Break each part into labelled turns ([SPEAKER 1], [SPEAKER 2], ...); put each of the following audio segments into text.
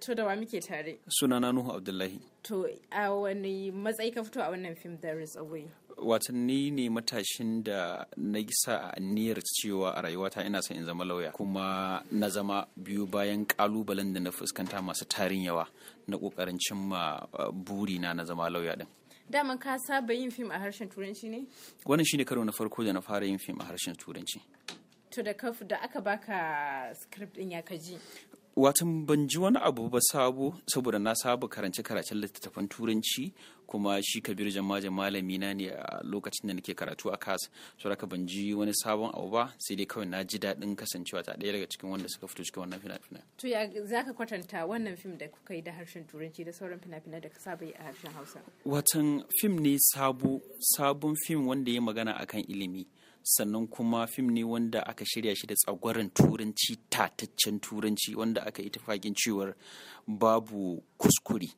[SPEAKER 1] To da wa muke tare?
[SPEAKER 2] na Nuhu Abdullahi.
[SPEAKER 1] To a wani matsayi ka fito a wannan fim There is a way.
[SPEAKER 2] Watanni ne matashin da na gisa a aniyar cewa a rayuwata ina son in zama lauya kuma na zama biyu bayan kalubalen da na fuskanta masu tarin yawa na kokarin cimma uh, burina na zama lauya din.
[SPEAKER 1] Daman ka saba yin fim a harshen turanci ne?
[SPEAKER 2] Wannan shine karo na farko da na fara yin fim a harshen turanci.
[SPEAKER 1] to da kafu da aka baka script din ya kaji
[SPEAKER 2] watan ban ji wani abu ba sabo saboda na saba karance karacen littattafan turanci kuma shi kabiru jama'a malami na ne a lokacin da nake karatu a kas so haka ban ji wani sabon abu ba sai dai kawai na ji daɗin kasancewa ta ɗaya daga cikin wanda suka fito cikin wannan fina-finan.
[SPEAKER 1] to ya za ka kwatanta wannan fim da kuka yi da harshen turanci da sauran fina-finan da ka saba yi a harshen hausa.
[SPEAKER 2] watan fim ne sabo sabon fim wanda ya magana akan ilimi sannan kuma fim ne wanda aka shirya shi da tsagwaran turanci tataccen turanci wanda aka yi tafakin cewar babu kuskure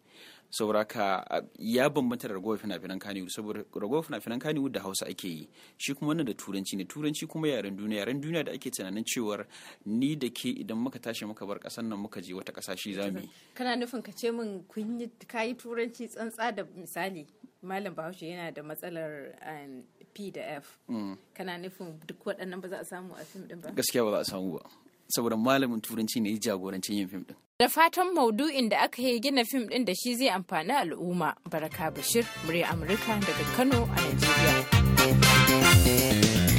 [SPEAKER 2] sauraka ya bambanta da ragowar fina-finan kaniwu saboda ragowar fina-finan kaniwu da hausa ake yi shi kuma wannan da turanci ne turanci kuma yaren duniya yaren duniya da ake tunanin cewar ni da ke idan muka tashi muka bar kasan nan muka je wata kasa shi yi.
[SPEAKER 1] kana nufin ka ce min kun yi turanci tsantsa da misali malam bahaushe yana da matsalar um, p da f mm. kana nufin duk waɗannan ba za a samu a fim ɗin ba
[SPEAKER 2] gaskiya ba za a samu ba saboda malamin turanci ne ya jagorancin yin fim ɗin.
[SPEAKER 1] da fatan maudu'in da aka yi gina fim ɗin da shi zai amfani al'umma baraka bashir murya amurka
[SPEAKER 2] daga kano a Najeriya.